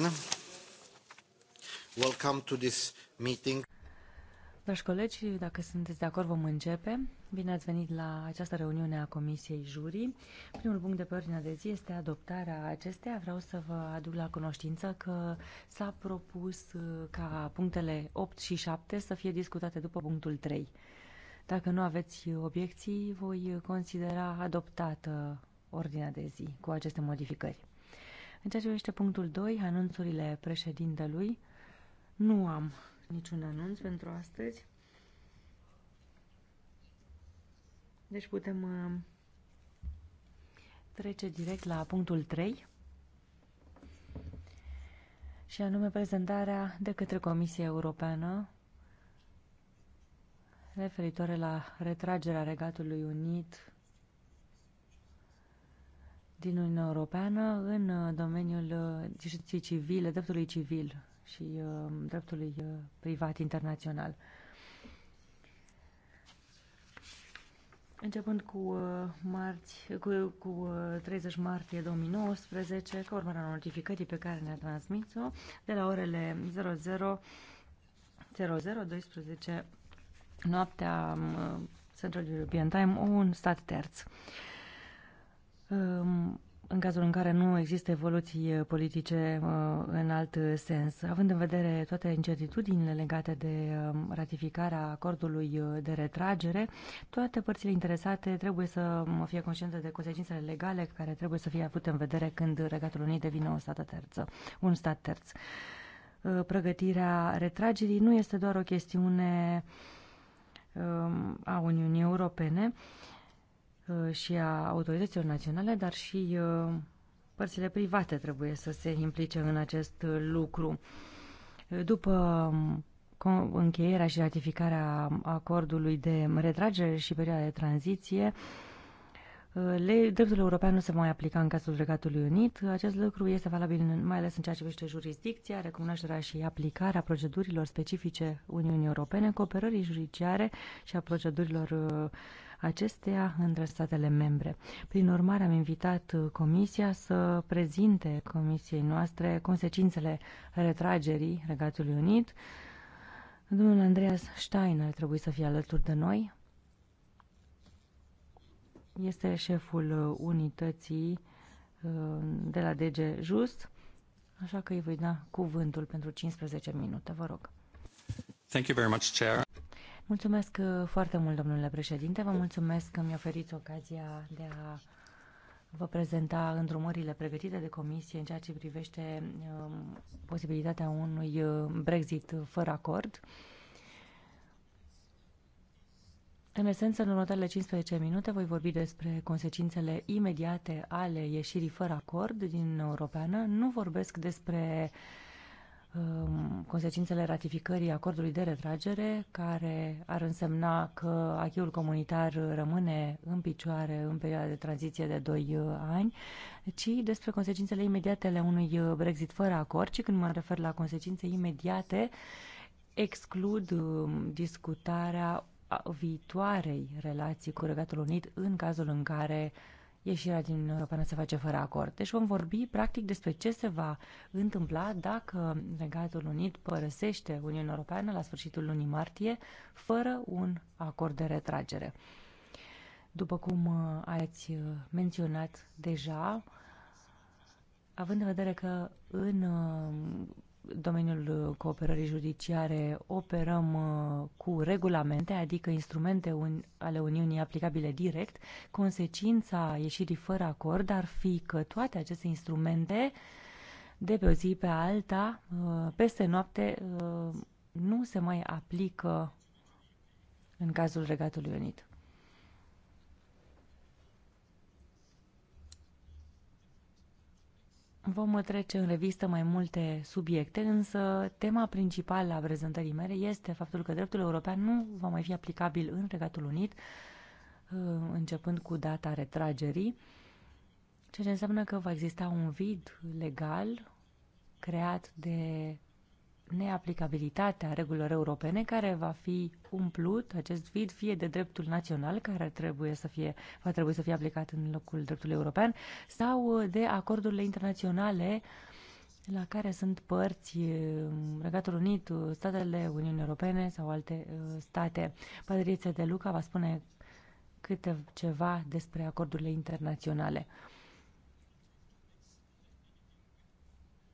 Martin. Welcome to this meeting. Dragi colegi, dacă sunteți de acord, vom începe. Bine ați venit la această reuniune a Comisiei Jurii. Primul punct de pe ordinea de zi este adoptarea acesteia. Vreau să vă aduc la cunoștință că s-a propus uh, ca punctele 8 și 7 să fie discutate după punctul 3. Dacă nu aveți obiecții, voi considera adoptată ordinea de zi cu aceste modificări. În ceea ce este punctul 2, anunțurile președintelui, nu am niciun anunț pentru astăzi. Deci putem uh, trece direct la punctul 3 și anume prezentarea de către Comisia Europeană referitoare la retragerea Regatului Unit din Uniunea Europeană în uh, domeniul uh, justiției civile, dreptului civil și uh, dreptului privat internațional. Începând cu, marți, cu, cu 30 martie 2019, ca urmare a notificării pe care ne-a transmis-o, de la orele 00, 00 12 noaptea um, Central European Time, un stat terț. Uh, în cazul în care nu există evoluții uh, politice uh, în alt uh, sens. Având în vedere toate incertitudinile legate de um, ratificarea acordului de retragere, toate părțile interesate trebuie să um, fie conștiente de consecințele legale care trebuie să fie avute în vedere când Regatul Unit devine o stată terță, un stat terț. Pregătirea retragerii nu este doar o chestiune um, a Uniunii Europene, Uh, și a autorităților naționale, dar și uh, părțile private trebuie să se implice în acest lucru. După um, încheierea și ratificarea acordului de retragere și perioada de tranziție, uh, le, dreptul european nu se mai aplica în cazul Regatului Unit. Acest lucru este valabil mai ales în ceea ce privește jurisdicția, recunoașterea și aplicarea procedurilor specifice Uniunii Europene, cooperării judiciare și a procedurilor uh, acestea între statele membre. Prin urmare, am invitat uh, Comisia să prezinte Comisiei noastre consecințele retragerii Regatului Unit. Domnul Andreas Stein ar trebui să fie alături de noi. Este șeful uh, unității uh, de la DG Just, așa că îi voi da cuvântul pentru 15 minute, vă rog. Thank you very much, Chair. Mulțumesc uh, foarte mult, domnule președinte. Vă mulțumesc că mi oferiți ocazia de a vă prezenta îndrumările pregătite de comisie în ceea ce privește um, posibilitatea unui uh, Brexit fără acord. În esență, în următoarele 15 minute voi vorbi despre consecințele imediate ale ieșirii fără acord din Europeană. Nu vorbesc despre uh, Um, consecințele ratificării acordului de retragere, care ar însemna că achiul comunitar rămâne în picioare în perioada de tranziție de 2 uh, ani, ci despre consecințele imediate ale unui uh, Brexit fără acord, și când mă refer la consecințe imediate, exclud um, discutarea viitoarei relații cu Regatul Unit în cazul în care uh, ieșirea din Uniunea Europeană se face fără acord. Deci vom vorbi practic despre ce se va întâmpla dacă Regatul Unit părăsește Uniunea Europeană la sfârșitul lunii martie fără un acord de retragere. După cum uh, ați menționat deja, având în vedere că în uh, domeniul uh, cooperării judiciare operăm uh, cu regulamente, adică instrumente ale Uniunii aplicabile direct. Consecința ieșirii fără acord ar fi că toate aceste instrumente de pe o zi pe alta, uh, peste noapte, nu se mai aplică în cazul Regatului Unit. Vom trece în revistă mai multe subiecte, însă tema principală a prezentării mele este faptul că dreptul european nu va mai fi aplicabil în Regatul Unit, uh, începând cu data retragerii, ceea ce înseamnă că va exista un vid legal creat de neaplicabilitatea regulilor europene, care va fi umplut, acest vid, fie de dreptul național, care trebuie să fie, va trebui să fie aplicat în locul dreptului european, sau de acordurile internaționale la care sunt părți uh, Regatul Unit, uh, statele Uniunii Europene sau alte uh, state. Patricia de Luca va spune câte ceva despre acordurile internaționale.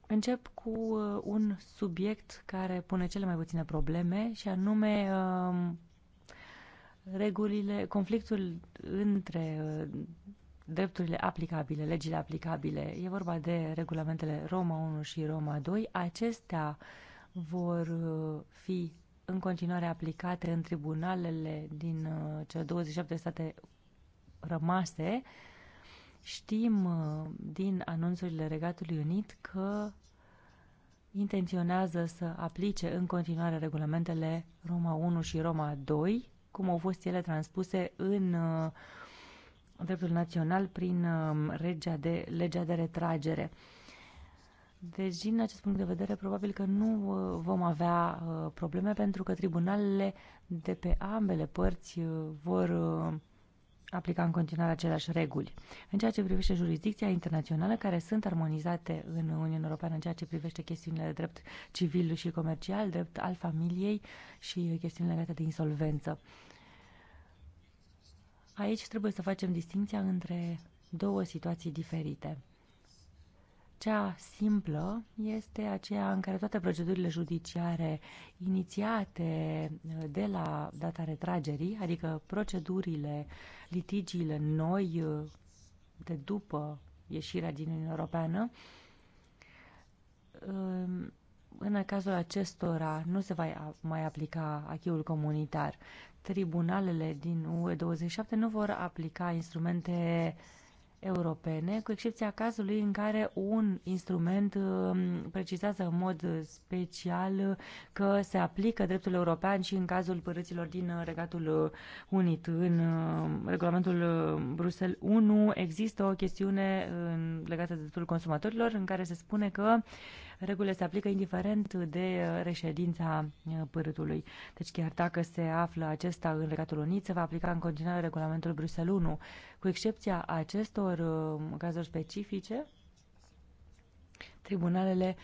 Încep cu uh, un subiect care pune cele mai puține probleme și anume um, regulile, conflictul între uh, drepturile aplicabile, legile aplicabile. E vorba de regulamentele Roma 1 și Roma 2. Acestea vor uh, fi în continuare aplicate în tribunalele din cele 27 state rămase Știm uh, din anunțurile Regatului Unit că intenționează să aplice în continuare regulamentele Roma 1 și Roma 2, cum au fost ele transpuse în uh, dreptul național prin um, regia de, legea de retragere. Deci, din acest punct de vedere, probabil că nu uh, vom avea probleme pentru că tribunalele de pe ambele părți vor aplica în continuare aceleași reguli. În ceea ce privește jurisdicția internațională, care sunt armonizate în Uniunea Europeană în ceea ce privește chestiunile de drept civil și comercial, drept al familiei și chestiunile legate de insolvență. Aici trebuie să facem distinția între două situații diferite. Cea simplă este aceea în care toate procedurile judiciare inițiate uh, de la data retragerii, adică procedurile, litigiile noi uh, de după ieșirea din Uniunea Europeană, um, în cazul acestora nu se va mai aplica achiul comunitar. Tribunalele din UE27 nu vor aplica instrumente uh, europene, cu excepția cazului în care un instrument uh, precizează în mod special că se aplică dreptul european și în cazul părăților din uh, Regatul uh, Unit. În regulamentul Brusel 1 există o chestiune legată de dreptul consumatorilor în care se spune că Regulile se aplică indiferent de uh, reședința uh, pârâtului. Deci chiar dacă se află acesta în Regatul Unit, se va aplica în continuare regulamentul Bruxelles 1. Cu excepția acestor uh, cazuri specifice, tribunalele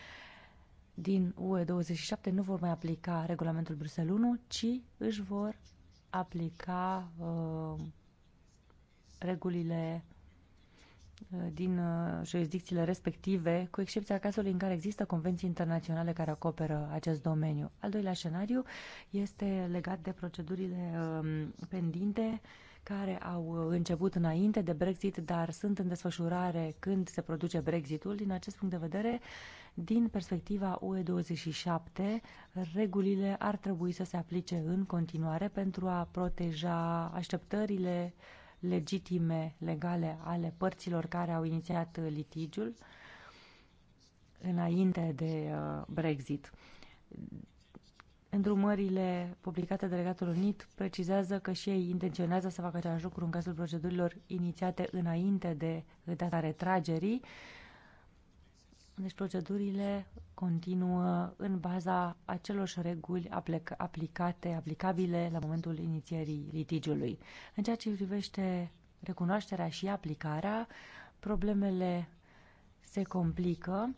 din UE27 nu vor mai aplica regulamentul Bruxelles 1, ci își vor aplica uh, regulile Uh, din uh, jurisdicțiile respective, cu excepția cazului în care există convenții internaționale care acoperă acest domeniu. Al doilea scenariu este legat de procedurile um, pendinte care au început înainte de Brexit, dar sunt în desfășurare când se produce Brexitul. Din acest punct de vedere, din perspectiva UE27, regulile ar trebui să se aplice în continuare pentru a proteja așteptările uh, legitime, legale ale părților care au inițiat uh, litigiul înainte de uh, Brexit. Îndrumările publicate de Regatul Unit precizează că și ei intenționează să facă același lucru în cazul procedurilor inițiate înainte de uh, data retragerii deci procedurile continuă în baza acelorși reguli aplicate, aplicabile la momentul inițierii litigiului. În ceea ce privește recunoașterea și aplicarea, problemele se complică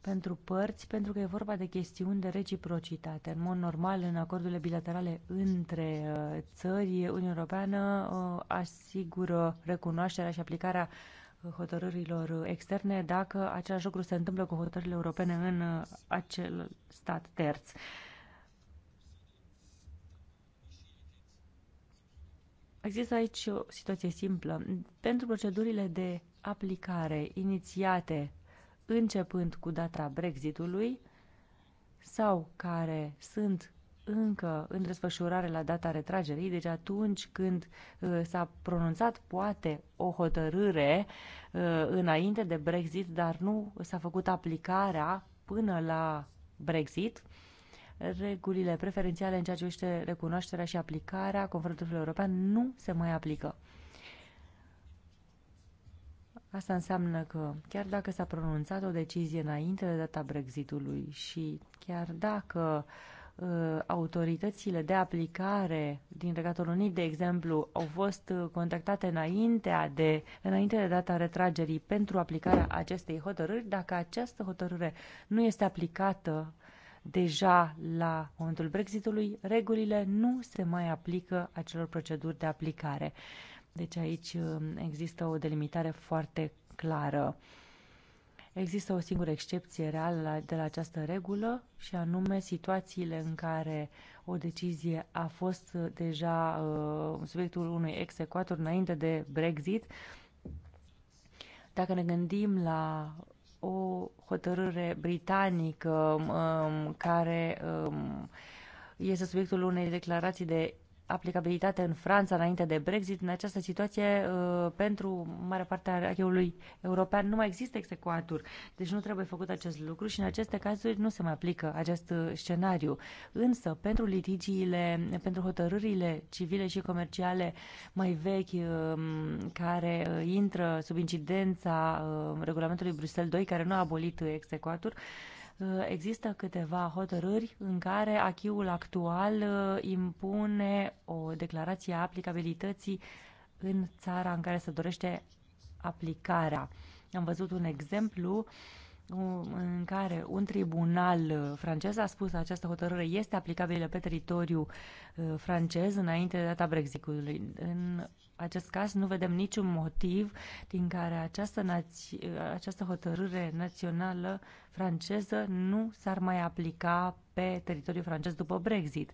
pentru părți, pentru că e vorba de chestiuni de reciprocitate. În mod normal, în acordurile bilaterale între uh, țări, Uniunea Europeană uh, asigură recunoașterea și aplicarea hotărârilor externe dacă același lucru se întâmplă cu hotărârile europene în uh, acel stat terț. Există aici o situație simplă. Pentru procedurile de aplicare inițiate începând cu data Brexitului sau care sunt încă în desfășurare la data retragerii, deci atunci când uh, s-a pronunțat poate o hotărâre uh, înainte de Brexit, dar nu s-a făcut aplicarea până la Brexit, regulile preferențiale în ceea ce privește recunoașterea și aplicarea conform european nu se mai aplică. Asta înseamnă că chiar dacă s-a pronunțat o decizie înainte de data Brexitului și chiar dacă uh, Uh, autoritățile de aplicare din Regatul Unit, de exemplu, au fost uh, contactate înaintea de, înainte de data retragerii pentru aplicarea acestei hotărâri, dacă această hotărâre nu este aplicată deja la momentul Brexitului, regulile nu se mai aplică acelor proceduri de aplicare. Deci aici uh, există o delimitare foarte clară. Există o singură excepție reală de la această regulă și anume situațiile în care o decizie a fost deja uh, subiectul unui execuator înainte de Brexit. Dacă ne gândim la o hotărâre britanică um, care um, este subiectul unei declarații de aplicabilitate în Franța înainte de Brexit, în această situație, uh, pentru mare parte a racheului european nu mai există execuatur. Deci nu trebuie făcut acest lucru și în aceste cazuri nu se mai aplică acest uh, scenariu. Însă, pentru litigiile, pentru hotărârile civile și comerciale mai vechi uh, care intră sub incidența regulamentului Bruxelles 2, care nu a abolit execuatur, Uh, există câteva hotărâri în care achiul actual uh, impune o declarație a aplicabilității în țara în care se dorește aplicarea. Am văzut un exemplu uh, în care un tribunal francez a spus că această hotărâre este aplicabilă pe teritoriu francez înainte de data Brexitului. În acest caz nu vedem niciun motiv din care această, naț- această hotărâre națională franceză nu s-ar mai aplica pe teritoriul francez după Brexit.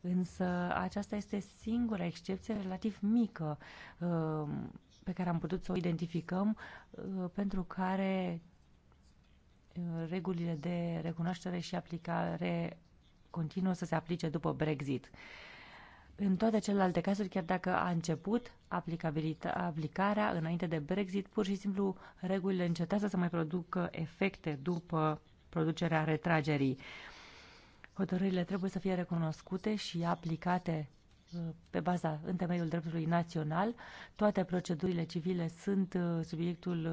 Însă aceasta este singura excepție relativ mică uh, pe care am putut să o identificăm, uh, pentru care uh, regulile de recunoaștere și aplicare continuă să se aplice după Brexit. În toate celelalte cazuri, chiar dacă a început aplicarea înainte de Brexit, pur și simplu regulile încetează să mai producă efecte după producerea retragerii. Hotărârile trebuie să fie recunoscute și aplicate uh, pe baza în temeiul dreptului național. Toate procedurile civile sunt uh, subiectul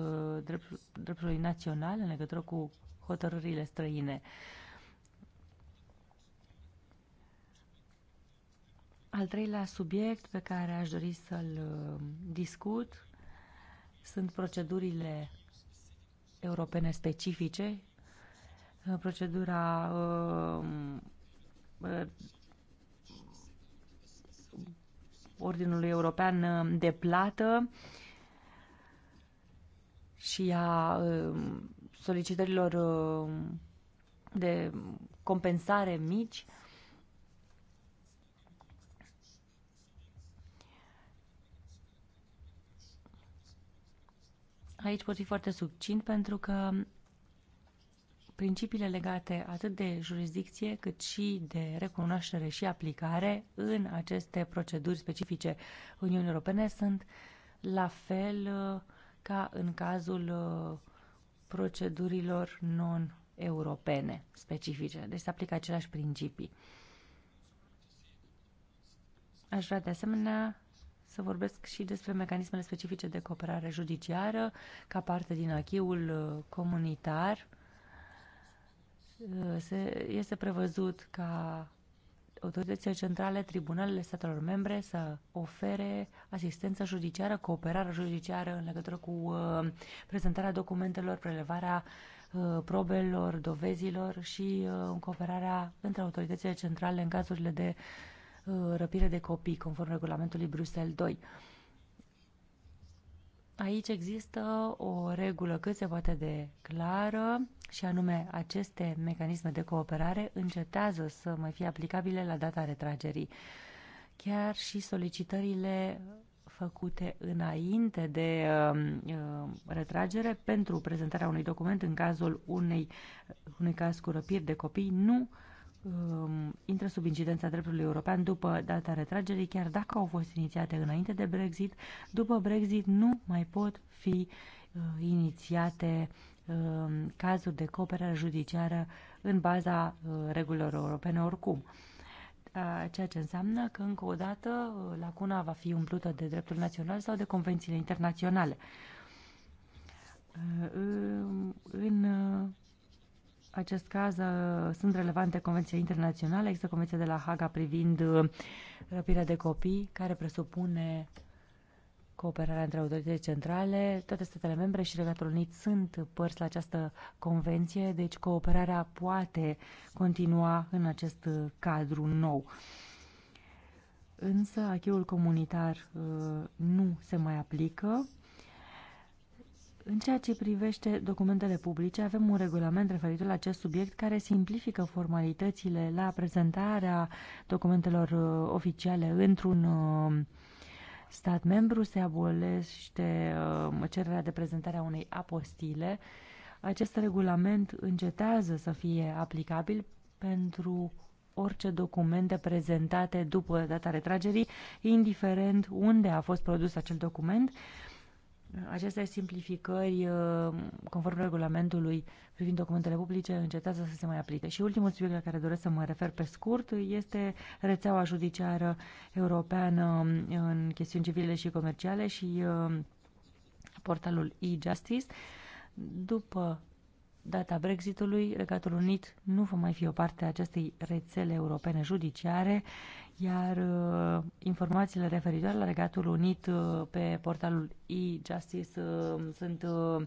uh, dreptului național în legătură cu hotărârile străine. Al treilea subiect pe care aș dori să-l uh, discut sunt procedurile europene specifice, uh, procedura uh, Ordinului European de Plată și a solicitărilor de compensare mici. Aici pot fi foarte subțint pentru că principiile legate atât de jurisdicție cât și de recunoaștere și aplicare în aceste proceduri specifice Uniunii Europene sunt la fel uh, ca în cazul uh, procedurilor non-europene specifice. Deci se aplică aceleași principii. Aș vrea de asemenea să vorbesc și despre mecanismele specifice de cooperare judiciară ca parte din achiul uh, comunitar. Uh, se, este prevăzut ca autoritățile centrale, tribunalele statelor membre să ofere asistență judiciară, cooperare judiciară în legătură cu uh, prezentarea documentelor, prelevarea uh, probelor, dovezilor și uh, cooperarea între autoritățile centrale în cazurile de uh, Uh, răpire de copii, conform regulamentului Bruxelles 2. Aici există o regulă cât se poate de clară și anume aceste mecanisme de cooperare încetează să mai fie aplicabile la data retragerii. Chiar și solicitările făcute înainte de uh, retragere pentru prezentarea unui document în cazul unei, unui caz cu răpiri de copii nu uh, um, intră sub incidența dreptului european după data retragerii, chiar dacă au fost inițiate înainte de Brexit, după Brexit nu mai pot fi uh, inițiate uh, cazuri de cooperare judiciară în baza uh, regulilor europene oricum. Da, ceea ce înseamnă că, încă o dată, uh, lacuna va fi umplută de dreptul național sau de convențiile internaționale. Uh, în uh, acest caz uh, sunt relevante convenții internaționale. Există convenția de la Haga privind uh, răpirea de copii, care presupune cooperarea între autoritățile centrale. Toate statele membre și Regatul Unit sunt părți la această convenție, deci cooperarea poate continua în acest uh, cadru nou. Însă, acheul comunitar nu se mai aplică în ceea ce privește documentele publice, avem un regulament referitor la acest subiect care simplifică formalitățile la prezentarea documentelor uh, oficiale într-un uh, stat membru. Se abolește uh, cererea de prezentare a unei apostile. Acest regulament încetează să fie aplicabil pentru orice documente prezentate după data retragerii, indiferent unde a fost produs acel document aceste simplificări, uh, conform regulamentului privind documentele publice, încetează să se mai aplice. Și ultimul subiect la care doresc să mă refer pe scurt este rețeaua judiciară europeană uh, în chestiuni civile și comerciale și uh, portalul e-justice. După data Brexitului, Regatul Unit nu va mai fi o parte a acestei rețele europene judiciare iar uh, informațiile referitoare la Regatul Unit uh, pe portalul e-justice uh, sunt uh,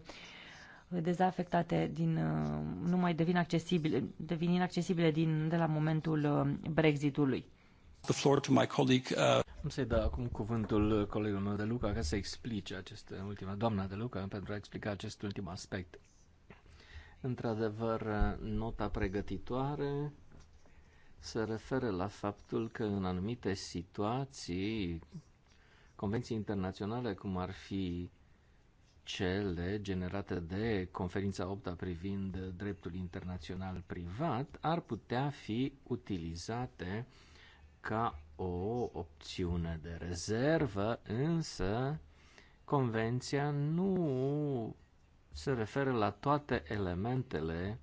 dezafectate din, uh, nu mai devin accesibile, devin inaccesibile din, de la momentul uh, Brexitului. The floor to my colleague, uh... Am să-i dau acum cuvântul colegul meu de Luca ca să explice acest uh, ultima, doamna de Luca, pentru a explica acest ultim aspect. Într-adevăr, uh, nota pregătitoare se referă la faptul că în anumite situații convenții internaționale, cum ar fi cele generate de conferința 8 privind dreptul internațional privat, ar putea fi utilizate ca o opțiune de rezervă, însă convenția nu se referă la toate elementele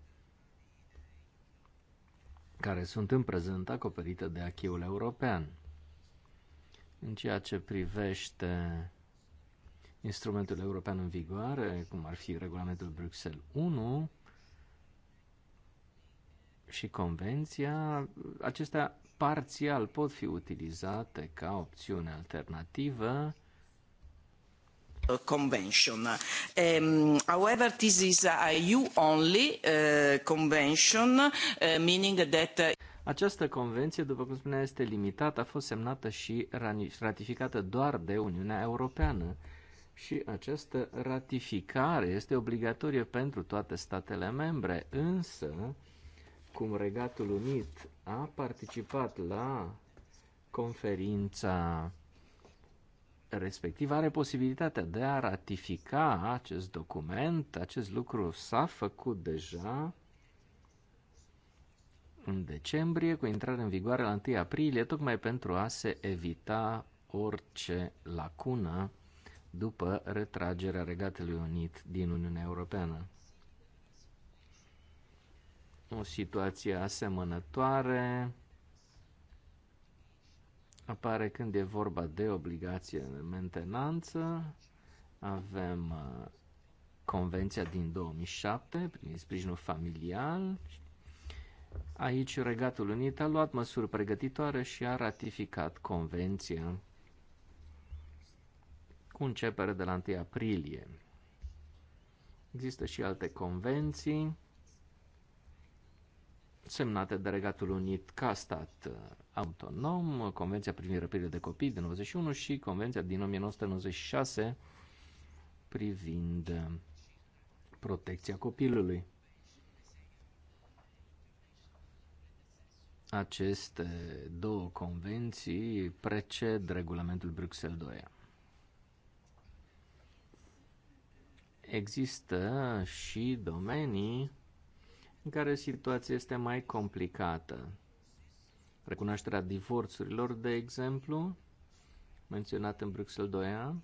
care sunt în prezent acoperite de achiul european. În ceea ce privește instrumentul european în vigoare, cum ar fi regulamentul Bruxelles 1 și convenția, acestea parțial pot fi utilizate ca opțiune alternativă Uh, convention. Um, however, this is a EU-only uh, convention, uh, meaning that... Uh, această convenție, după cum spunea, este limitată, a fost semnată și ratificată doar de Uniunea Europeană. Și această ratificare este obligatorie pentru toate statele membre, însă, cum Regatul Unit a participat la conferința respectiv are posibilitatea de a ratifica acest document. Acest lucru s-a făcut deja în decembrie, cu intrare în vigoare la 1 aprilie, tocmai pentru a se evita orice lacună după retragerea Regatului Unit din Uniunea Europeană. O situație asemănătoare apare când e vorba de obligație de mentenanță. Avem uh, Convenția din 2007 prin sprijinul familial. Aici Regatul Unit a luat măsuri pregătitoare și a ratificat Convenția cu începere de la 1 aprilie. Există și alte convenții semnate de Regatul Unit ca stat uh, autonom, Convenția privind răpirile de copii din 91 și Convenția din 1996 privind uh, protecția copilului. Aceste două convenții preced regulamentul Bruxelles 2. Există și domenii în care situația este mai complicată. Recunoașterea divorțurilor, de exemplu, menționat în Bruxelles 2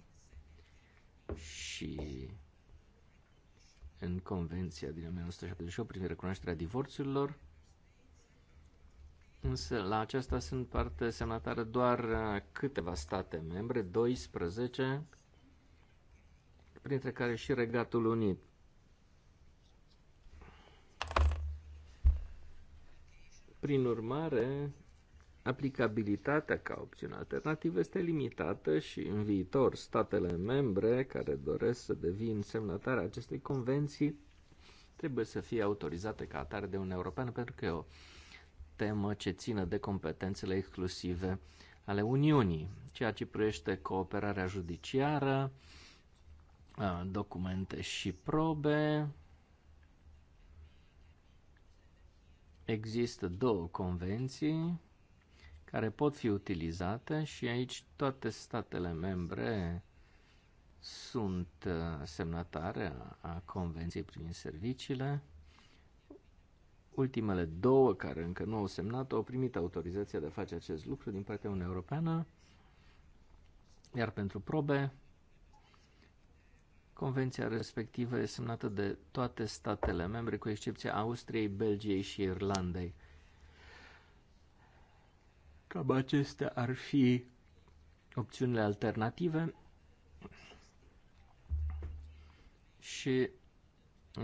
și în Convenția din 1978 privind recunoașterea divorțurilor, Însă la aceasta sunt parte semnatară doar uh, câteva state membre, 12, printre care și Regatul Unit. Prin urmare, aplicabilitatea ca opțiune alternativă este limitată și în viitor statele membre care doresc să devin semnătare acestei convenții trebuie să fie autorizate ca atare de un european pentru că e o temă ce țină de competențele exclusive ale Uniunii, ceea ce privește cooperarea judiciară, documente și probe, Există două convenții care pot fi utilizate și aici toate statele membre sunt uh, semnatare a Convenției privind serviciile. Ultimele două care încă nu au semnat au primit autorizația de a face acest lucru din partea Uniunii Europeană, iar pentru probe Convenția respectivă e semnată de toate statele membre, cu excepția Austriei, Belgiei și Irlandei. Cam acestea ar fi opțiunile alternative și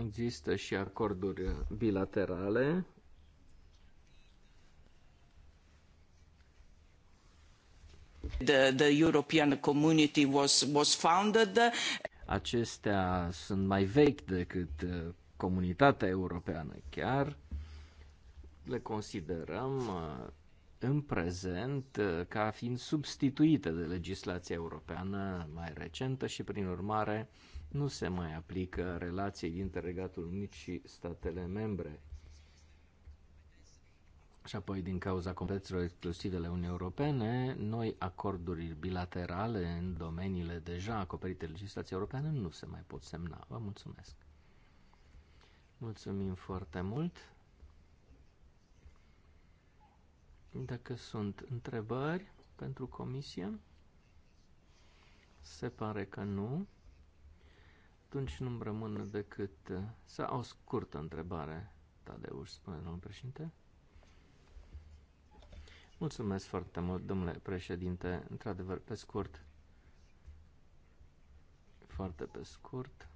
există și acorduri bilaterale. The, the European Community was, was founded Acestea sunt mai vechi decât uh, comunitatea europeană chiar. Le considerăm uh, în prezent uh, ca fiind substituite de legislația europeană mai recentă și prin urmare nu se mai aplică relației dintre Regatul Unit și statele membre și apoi, din cauza competențelor exclusive ale Uniunii Europene, noi acorduri bilaterale în domeniile deja acoperite de legislația europeană nu se mai pot semna. Vă mulțumesc! Mulțumim foarte mult! Dacă sunt întrebări pentru comisie, se pare că nu. Atunci nu-mi rămână decât să o scurtă întrebare, Tadeuș, spune domnul președinte. Mulțumesc foarte mult, domnule președinte. Într-adevăr, pe scurt, foarte pe scurt,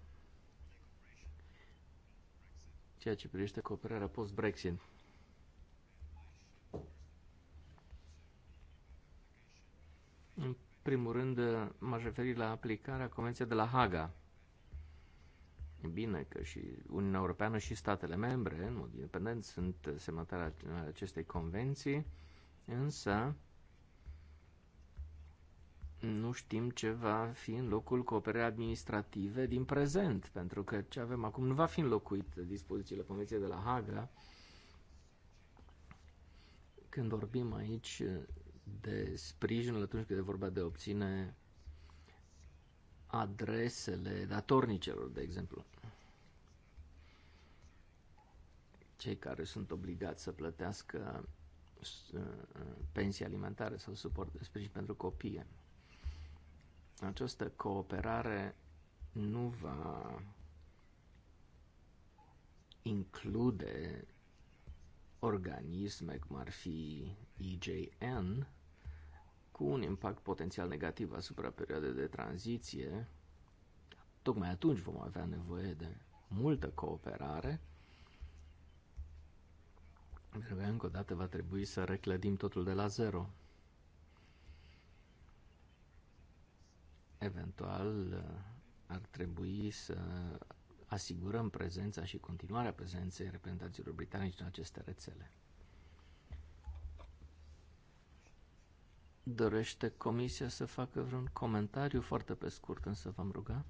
ceea ce privește cooperarea post-Brexit. În primul rând, m-aș referi la aplicarea Convenției de la Haga. bine că și Uniunea Europeană și statele membre, în mod independent, sunt semnatari acestei convenții Însă, nu știm ce va fi în locul cooperării administrative din prezent, pentru că ce avem acum nu va fi înlocuit dispozițiile Convenției de la Haga. Când vorbim aici de sprijinul atunci când e vorba de obține adresele datornicelor, de exemplu. Cei care sunt obligați să plătească Uh, pensii alimentare sau suport de sprijin pentru copii. Această cooperare nu va include organisme cum ar fi IJN cu un impact potențial negativ asupra perioadei de tranziție, tocmai atunci vom avea nevoie de multă cooperare pentru că încă o dată va trebui să reclădim totul de la zero. Eventual ar trebui să asigurăm prezența și continuarea prezenței reprezentanților britanici în aceste rețele. Dorește comisia să facă vreun comentariu foarte pe scurt, însă v-am ruga.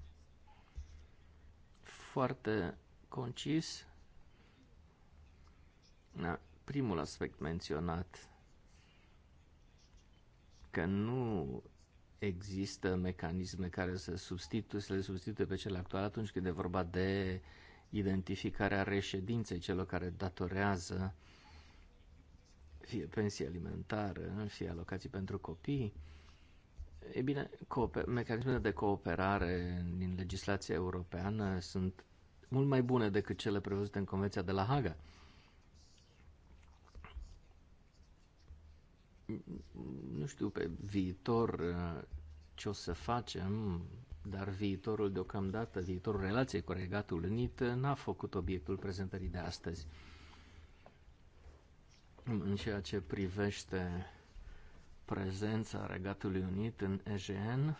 Foarte concis. Na. Da primul aspect menționat, că nu există mecanisme care să, substitu, să le substituie pe cele actuale atunci când e vorba de identificarea reședinței celor care datorează fie pensie alimentară, fie alocații pentru copii. E bine, mecanismele de cooperare din legislația europeană sunt mult mai bune decât cele prevăzute în Convenția de la Haga. nu știu pe viitor uh, ce o să facem, dar viitorul deocamdată, viitorul relației cu Regatul Unit uh, n-a făcut obiectul prezentării de astăzi. În ceea ce privește prezența Regatului Unit în EGN,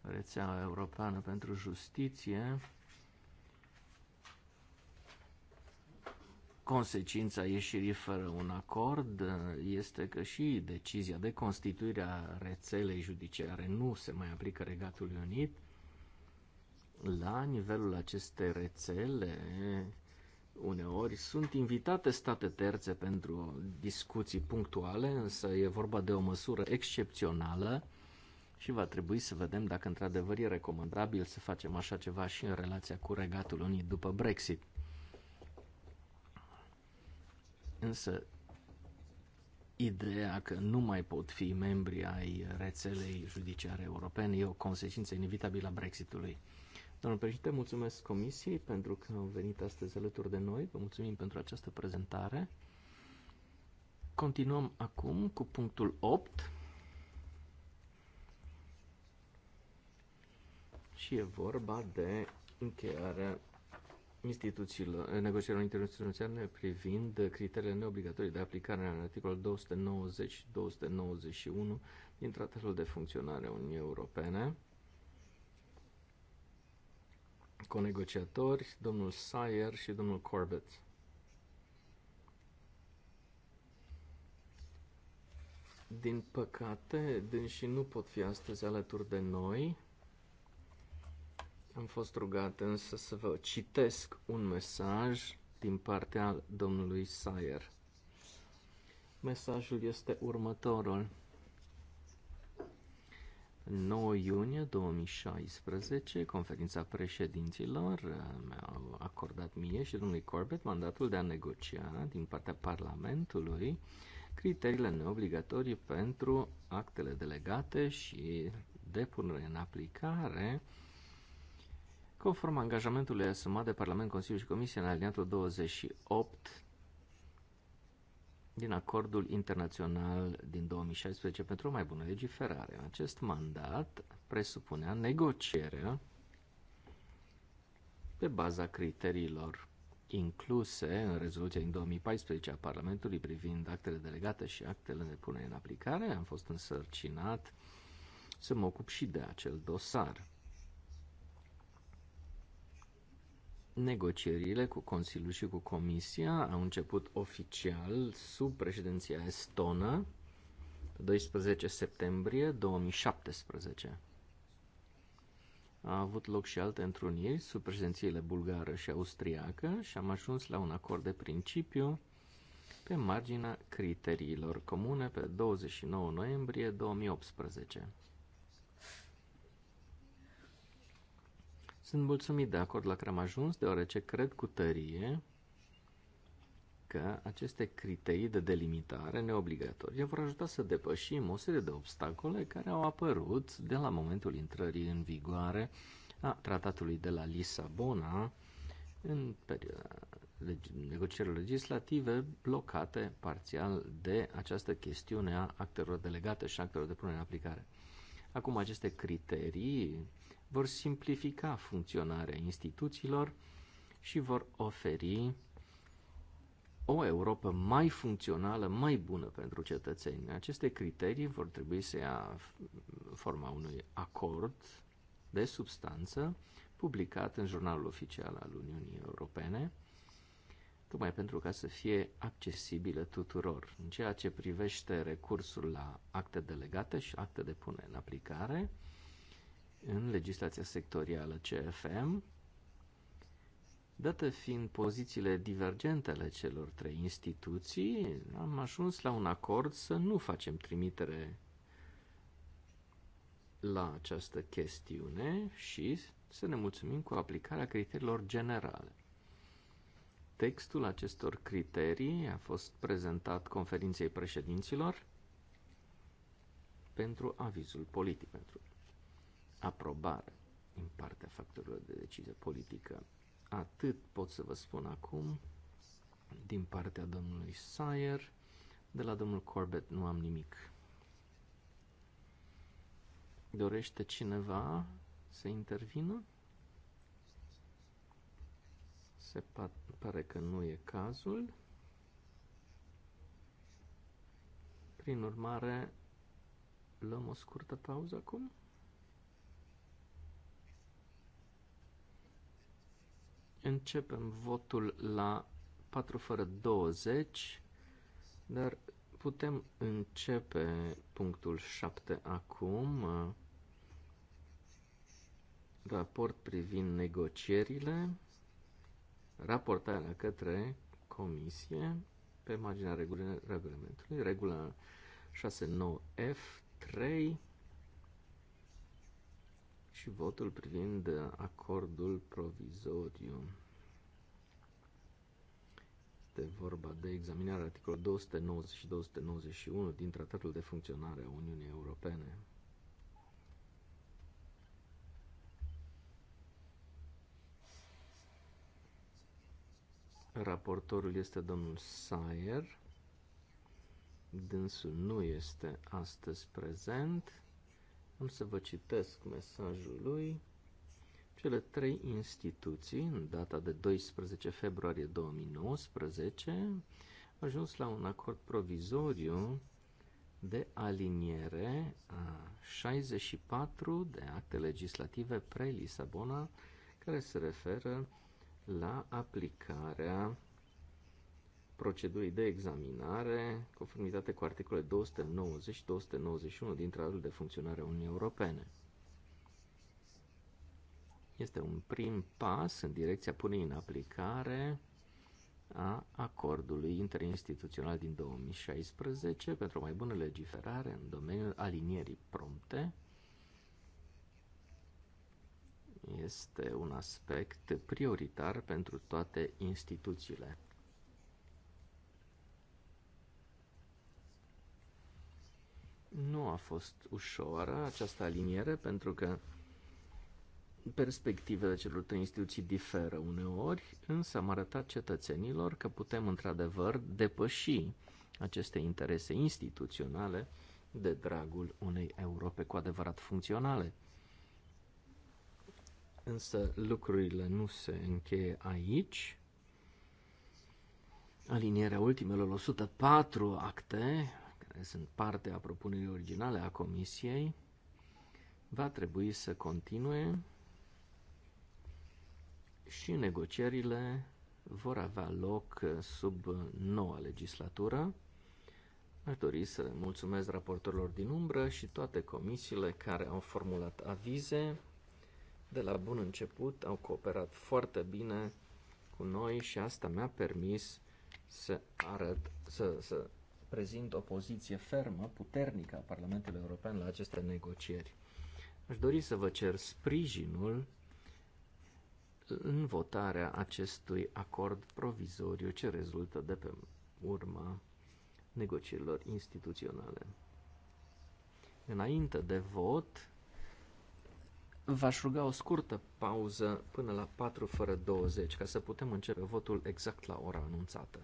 rețeaua europeană pentru justiție, Consecința ieșirii fără un acord este că și decizia de constituire a rețelei judiciare nu se mai aplică Regatului Unit. La nivelul acestei rețele, uneori sunt invitate state terțe pentru discuții punctuale, însă e vorba de o măsură excepțională și va trebui să vedem dacă într-adevăr e recomandabil să facem așa ceva și în relația cu Regatul Unit după Brexit. Însă, ideea că nu mai pot fi membri ai rețelei judiciare europene e o consecință inevitabilă a Brexitului. Domnul președinte, mulțumesc Comisiei pentru că au venit astăzi alături de noi. Vă mulțumim pentru această prezentare. Continuăm acum cu punctul 8. Și e vorba de încheiarea instituțiilor, negocierilor internaționale privind criteriile neobligatorii de aplicare în articolul 290-291 din Tratatul de Funcționare a Uniunii Europene. Conegociatori, domnul Sayer și domnul Corbett. Din păcate, dânsii nu pot fi astăzi alături de noi am fost rugat însă să vă citesc un mesaj din partea domnului Sayer. Mesajul este următorul. 9 iunie 2016, conferința președinților uh, mi-a acordat mie și domnului Corbett mandatul de a negocia din partea Parlamentului criteriile neobligatorii pentru actele delegate și depunere în aplicare Conform angajamentului asumat de Parlament, Consiliu și Comisie în aliniatul 28 din acordul internațional din 2016 pentru o mai bună legiferare. Acest mandat presupunea negocierea pe baza criteriilor incluse în rezoluția din 2014 a Parlamentului privind actele delegate și actele de punere în aplicare. Am fost însărcinat să mă ocup și de acel dosar. Negocierile cu Consiliul și cu Comisia au început oficial sub președinția estonă pe 12 septembrie 2017. A avut loc și alte întruniri sub președințiile bulgară și austriacă și am ajuns la un acord de principiu pe marginea criteriilor comune pe 29 noiembrie 2018. Sunt mulțumit de acord la care am ajuns, deoarece cred cu tărie că aceste criterii de delimitare neobligatorie vor ajuta să depășim o serie de obstacole care au apărut de la momentul intrării în vigoare a tratatului de la Lisabona în perioada negocierilor legislative blocate parțial de această chestiune a actelor delegate și actelor de punere în aplicare. Acum aceste criterii vor simplifica funcționarea instituțiilor și vor oferi o Europa mai funcțională, mai bună pentru cetățeni. Aceste criterii vor trebui să ia forma unui acord de substanță publicat în jurnalul oficial al Uniunii Europene, tocmai pentru ca să fie accesibilă tuturor. În ceea ce privește recursul la acte delegate și acte de pune în aplicare, în legislația sectorială CFM, dată fiind pozițiile divergente ale celor trei instituții, am ajuns la un acord să nu facem trimitere la această chestiune și să ne mulțumim cu aplicarea criteriilor generale. Textul acestor criterii a fost prezentat conferinței președinților pentru avizul politic, pentru aprobare în partea factorilor de decizie politică. Atât pot să vă spun acum din partea domnului Sayer. De la domnul Corbett nu am nimic. Dorește cineva să intervină? Se pare că nu e cazul. Prin urmare, luăm o scurtă pauză acum. Începem votul la 4 fără 20, dar putem începe punctul 7 acum. Raport privind negocierile, raportarea către comisie pe marginea regulamentului, regula 69F3, și votul privind acordul provizoriu. Este vorba de examinarea articolului 290 și 291 din Tratatul de Funcționare a Uniunii Europene. Raportorul este domnul Sayer. Dânsul nu este astăzi prezent. Am să vă citesc mesajul lui. Cele trei instituții, în data de 12 februarie 2019, au ajuns la un acord provizoriu de aliniere a 64 de acte legislative pre-Lisabona care se referă la aplicarea procedurii de examinare, conformitate cu articolele 290 și 291 din Tratatul de Funcționare a Uniunii Europene. Este un prim pas în direcția punerii în aplicare a acordului interinstituțional din 2016 pentru o mai bună legiferare în domeniul alinierii prompte. Este un aspect prioritar pentru toate instituțiile. nu a fost ușoară această aliniere pentru că perspectivele celor trei instituții diferă uneori, însă am arătat cetățenilor că putem într-adevăr depăși aceste interese instituționale de dragul unei Europe cu adevărat funcționale. Însă lucrurile nu se încheie aici. Alinierea ultimelor 104 acte sunt parte a propunerii originale a Comisiei, va trebui să continue și negocierile vor avea loc sub noua legislatură. Aș dori să mulțumesc raportorilor din umbră și toate comisiile care au formulat avize. De la bun început au cooperat foarte bine cu noi și asta mi-a permis să arăt, să, să prezint o poziție fermă, puternică a Parlamentului European la aceste negocieri. Aș dori să vă cer sprijinul în votarea acestui acord provizoriu ce rezultă de pe urma negocierilor instituționale. Înainte de vot, v-aș ruga o scurtă pauză până la 4 fără 20 ca să putem începe votul exact la ora anunțată.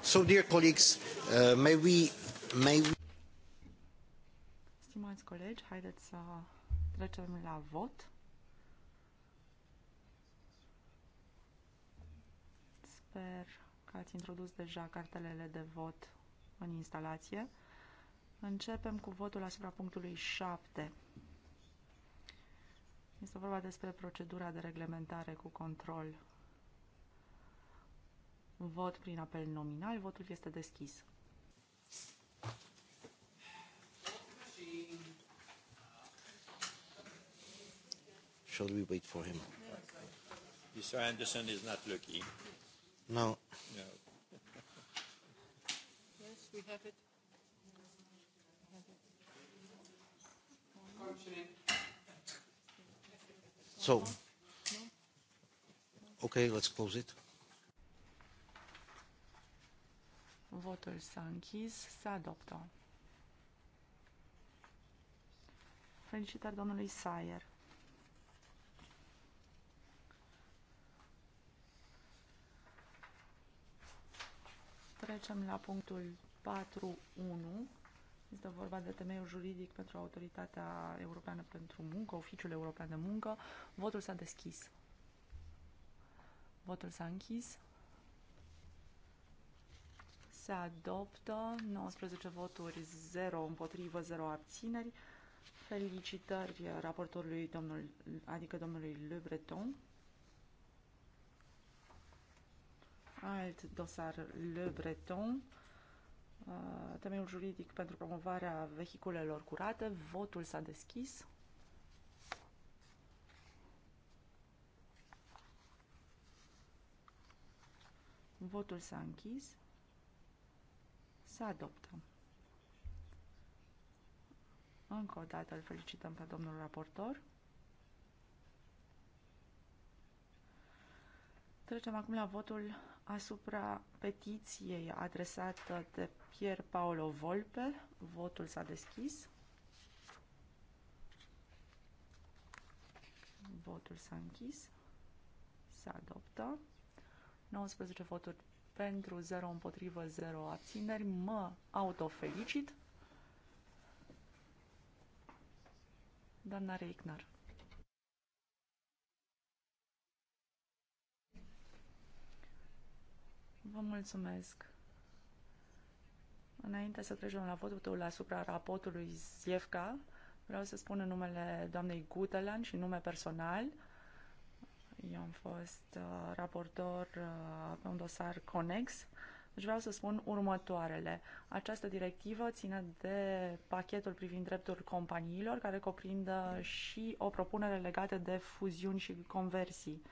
So, dear colleagues, uh, may we, may we... Stimați colegi, haideți să trecem la vot. Sper că ați introdus deja cartelele de vot în instalație. Începem cu votul asupra punctului 7. Este vorba despre procedura de reglementare cu control Vot prin apel nominal. Votul este deschis. Shall we wait for him? Mr. Anderson is not looking. No. No. yes, we have it. So, okay, let's close it. Votul s-a închis. Se adoptă. Felicitări domnului Sayer. Trecem la punctul 4.1. Este vorba de temeiul juridic pentru Autoritatea Europeană pentru Muncă, Oficiul European de Muncă. Votul s-a deschis. Votul s-a închis se adoptă, 19 voturi, 0 împotrivă, 0 abțineri. Felicitări raportorului domnul, adică domnului Le Breton. Alt dosar Le Breton. Uh, temeiul juridic pentru promovarea vehiculelor curate. Votul s-a deschis. Votul s-a închis să adoptăm. Încă o dată îl felicităm pe domnul raportor. Trecem acum la votul asupra petiției adresată de Pier Paolo Volpe. Votul s-a deschis. Votul s-a închis. Se adoptă. 19 voturi pentru, 0 împotrivă, 0 abțineri. Mă autofelicit. Doamna Reichner. Vă mulțumesc. Înainte să trecem la votul asupra raportului Ziefka, vreau să spun în numele doamnei Gutelan și nume personal – eu am fost uh, raportor uh, pe un dosar conex deci vreau să spun următoarele. Această directivă ține de pachetul privind drepturi companiilor, care cuprinde și o propunere legată de fuziuni și conversii